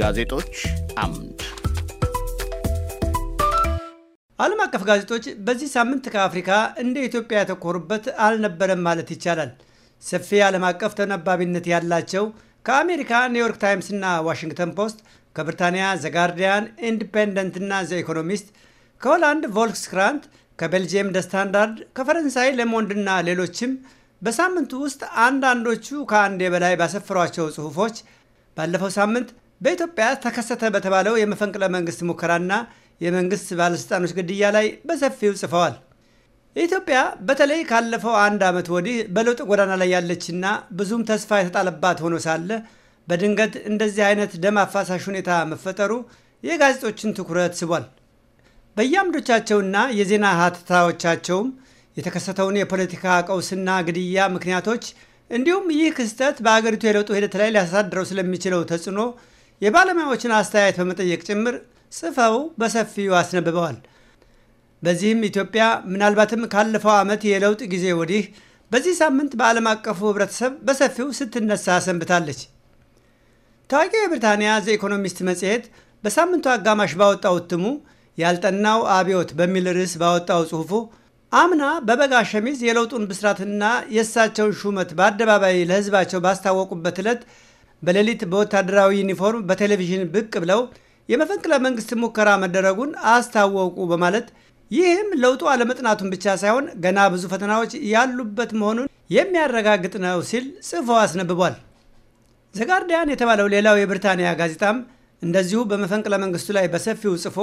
ጋዜጦች አምድ ዓለም አቀፍ ጋዜጦች በዚህ ሳምንት ከአፍሪካ እንደ ኢትዮጵያ ያተኮሩበት አልነበረም ማለት ይቻላል። ሰፊ ዓለም አቀፍ ተነባቢነት ያላቸው ከአሜሪካ ኒውዮርክ ታይምስና ዋሽንግተን ፖስት፣ ከብሪታንያ ዘጋርዲያን፣ ኢንዲፔንደንትና ዘኢኮኖሚስት፣ ከሆላንድ ቮልክስክራንት፣ ከቤልጅየም ስታንዳርድ፣ ከፈረንሳይ ና ሌሎችም በሳምንቱ ውስጥ አንዳንዶቹ ከአንዴ በላይ ባሰፈሯቸው ጽሑፎች ባለፈው ሳምንት በኢትዮጵያ ተከሰተ በተባለው የመፈንቅለ መንግስት ሙከራና የመንግስት ባለሥልጣኖች ግድያ ላይ በሰፊው ጽፈዋል። ኢትዮጵያ በተለይ ካለፈው አንድ ዓመት ወዲህ በለውጥ ጎዳና ላይ ያለችና ብዙም ተስፋ የተጣለባት ሆኖ ሳለ በድንገት እንደዚህ አይነት ደም አፋሳሽ ሁኔታ መፈጠሩ የጋዜጦችን ትኩረት ስቧል። በየአምዶቻቸውና የዜና ሀተታዎቻቸውም የተከሰተውን የፖለቲካ ቀውስና ግድያ ምክንያቶች እንዲሁም ይህ ክስተት በአገሪቱ የለውጡ ሂደት ላይ ሊያሳድረው ስለሚችለው ተጽዕኖ የባለሙያዎችን አስተያየት በመጠየቅ ጭምር ጽፈው በሰፊው አስነብበዋል። በዚህም ኢትዮጵያ ምናልባትም ካለፈው ዓመት የለውጥ ጊዜ ወዲህ በዚህ ሳምንት በዓለም አቀፉ ህብረተሰብ በሰፊው ስትነሳ ሰንብታለች። ታዋቂው የብሪታንያ ዘ ኢኮኖሚስት መጽሔት በሳምንቱ አጋማሽ ባወጣው እትሙ ያልጠናው አብዮት በሚል ርዕስ ባወጣው ጽሑፉ አምና በበጋ ሸሚዝ የለውጡን ብስራትና የእሳቸውን ሹመት በአደባባይ ለህዝባቸው ባስታወቁበት ዕለት በሌሊት በወታደራዊ ዩኒፎርም በቴሌቪዥን ብቅ ብለው የመፈንቅለ መንግስት ሙከራ መደረጉን አስታወቁ በማለት ይህም ለውጡ አለመጥናቱን ብቻ ሳይሆን ገና ብዙ ፈተናዎች ያሉበት መሆኑን የሚያረጋግጥ ነው ሲል ጽፎ አስነብቧል። ዘጋርዲያን የተባለው ሌላው የብሪታንያ ጋዜጣም እንደዚሁ በመፈንቅለ መንግስቱ ላይ በሰፊው ጽፎ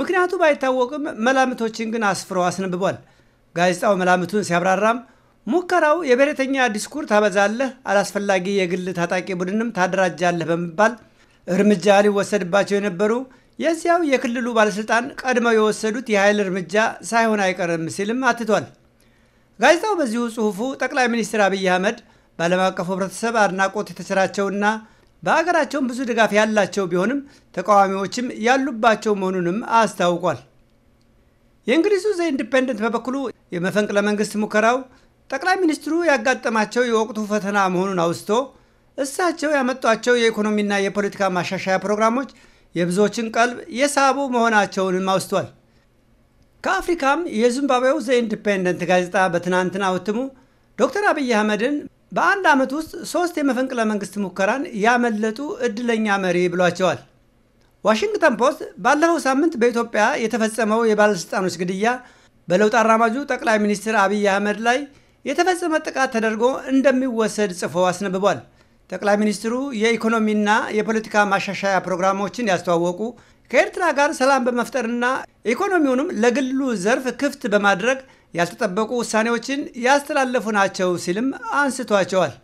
ምክንያቱ ባይታወቅም መላምቶችን ግን አስፍሮ አስነብቧል። ጋዜጣው መላምቱን ሲያብራራም ሙከራው የብሔረተኛ ዲስኩር ታበዛለህ፣ አላስፈላጊ የግል ታጣቂ ቡድንም ታደራጃለህ በመባል እርምጃ ሊወሰድባቸው የነበሩ የዚያው የክልሉ ባለሥልጣን ቀድመው የወሰዱት የኃይል እርምጃ ሳይሆን አይቀርም ሲልም አትቷል። ጋዜጣው በዚሁ ጽሑፉ ጠቅላይ ሚኒስትር አብይ አህመድ በዓለም አቀፉ ህብረተሰብ አድናቆት የተሰራቸውና በአገራቸውም ብዙ ድጋፍ ያላቸው ቢሆንም ተቃዋሚዎችም ያሉባቸው መሆኑንም አስታውቋል። የእንግሊዙ ዘ ኢንዲፔንደንት በበኩሉ የመፈንቅለ መንግስት ሙከራው ጠቅላይ ሚኒስትሩ ያጋጠማቸው የወቅቱ ፈተና መሆኑን አውስቶ እሳቸው ያመጧቸው የኢኮኖሚና የፖለቲካ ማሻሻያ ፕሮግራሞች የብዙዎችን ቀልብ የሳቡ መሆናቸውንም አውስቷል። ከአፍሪካም የዚምባብዌው ዘ ኢንዲፔንደንት ጋዜጣ በትናንትና እትሙ ዶክተር አብይ አህመድን በአንድ ዓመት ውስጥ ሶስት የመፈንቅለ መንግስት ሙከራን ያመለጡ እድለኛ መሪ ብሏቸዋል። ዋሽንግተን ፖስት ባለፈው ሳምንት በኢትዮጵያ የተፈጸመው የባለሥልጣኖች ግድያ በለውጥ አራማጁ ጠቅላይ ሚኒስትር አብይ አህመድ ላይ የተፈጸመ ጥቃት ተደርጎ እንደሚወሰድ ጽፎ አስነብቧል። ጠቅላይ ሚኒስትሩ የኢኮኖሚና የፖለቲካ ማሻሻያ ፕሮግራሞችን ያስተዋወቁ ከኤርትራ ጋር ሰላም በመፍጠርና ኢኮኖሚውንም ለግሉ ዘርፍ ክፍት በማድረግ ያልተጠበቁ ውሳኔዎችን ያስተላለፉ ናቸው ሲልም አንስቷቸዋል።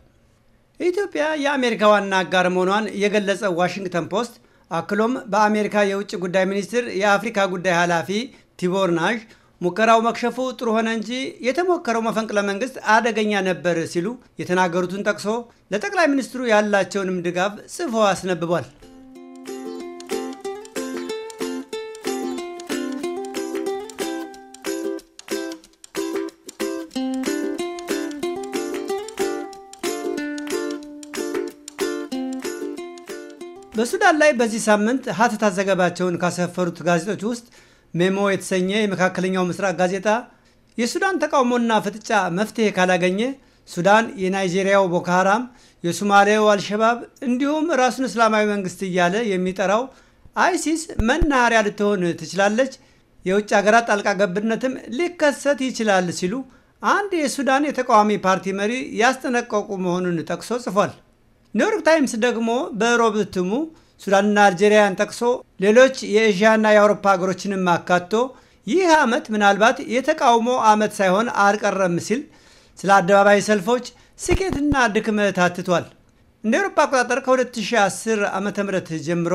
ኢትዮጵያ የአሜሪካ ዋና አጋር መሆኗን የገለጸው ዋሽንግተን ፖስት አክሎም በአሜሪካ የውጭ ጉዳይ ሚኒስትር የአፍሪካ ጉዳይ ኃላፊ ቲቦር ናዥ ሙከራው መክሸፉ ጥሩ ሆነ እንጂ የተሞከረው መፈንቅለ መንግስት አደገኛ ነበር ሲሉ የተናገሩትን ጠቅሶ ለጠቅላይ ሚኒስትሩ ያላቸውንም ድጋፍ ጽፎ አስነብቧል። በሱዳን ላይ በዚህ ሳምንት ሀተታ ዘገባቸውን ካሰፈሩት ጋዜጦች ውስጥ ሜሞ የተሰኘ የመካከለኛው ምስራቅ ጋዜጣ የሱዳን ተቃውሞና ፍጥጫ መፍትሄ ካላገኘ ሱዳን የናይጄሪያው ቦኮ ሀራም፣ የሱማሌው አልሸባብ እንዲሁም ራሱን እስላማዊ መንግስት እያለ የሚጠራው አይሲስ መናኸሪያ ልትሆን ትችላለች፣ የውጭ ሀገራት ጣልቃ ገብነትም ሊከሰት ይችላል ሲሉ አንድ የሱዳን የተቃዋሚ ፓርቲ መሪ ያስጠነቀቁ መሆኑን ጠቅሶ ጽፏል። ኒውዮርክ ታይምስ ደግሞ በሮብ እትሙ ሱዳንና አልጄሪያን ጠቅሶ ሌሎች የኤዥያና የአውሮፓ ሀገሮችንም አካቶ ይህ ዓመት ምናልባት የተቃውሞ ዓመት ሳይሆን አልቀረም ሲል ስለ አደባባይ ሰልፎች ስኬትና ድክመት አትቷል። እንደ አውሮፓ አቆጣጠር ከ2010 ዓ ም ጀምሮ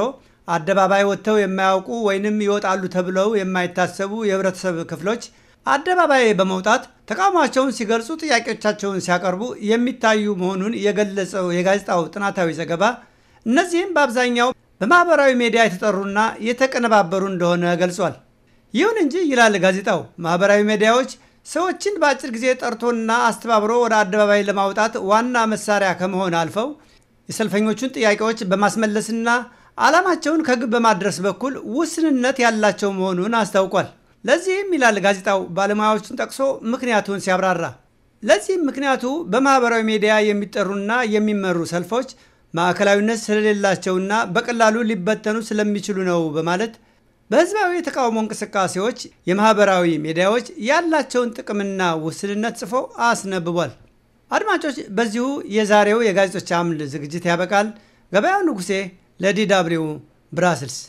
አደባባይ ወጥተው የማያውቁ ወይንም ይወጣሉ ተብለው የማይታሰቡ የህብረተሰብ ክፍሎች አደባባይ በመውጣት ተቃውሟቸውን ሲገልጹ፣ ጥያቄዎቻቸውን ሲያቀርቡ የሚታዩ መሆኑን የገለጸው የጋዜጣው ጥናታዊ ዘገባ እነዚህም በአብዛኛው በማኅበራዊ ሚዲያ የተጠሩና የተቀነባበሩ እንደሆነ ገልጿል። ይሁን እንጂ ይላል ጋዜጣው፣ ማኅበራዊ ሚዲያዎች ሰዎችን በአጭር ጊዜ ጠርቶና አስተባብሮ ወደ አደባባይ ለማውጣት ዋና መሳሪያ ከመሆን አልፈው የሰልፈኞቹን ጥያቄዎች በማስመለስና ዓላማቸውን ከግብ በማድረስ በኩል ውስንነት ያላቸው መሆኑን አስታውቋል። ለዚህም ይላል ጋዜጣው ባለሙያዎችን ጠቅሶ ምክንያቱን ሲያብራራ ለዚህም ምክንያቱ በማኅበራዊ ሚዲያ የሚጠሩና የሚመሩ ሰልፎች ማዕከላዊነት ስለሌላቸውና በቀላሉ ሊበተኑ ስለሚችሉ ነው በማለት በህዝባዊ የተቃውሞ እንቅስቃሴዎች የማህበራዊ ሚዲያዎች ያላቸውን ጥቅምና ውስንነት ጽፎ አስነብቧል። አድማጮች፣ በዚሁ የዛሬው የጋዜጦች አምድ ዝግጅት ያበቃል። ገበያው ንጉሴ ለዲ ደብልዩ ብራስልስ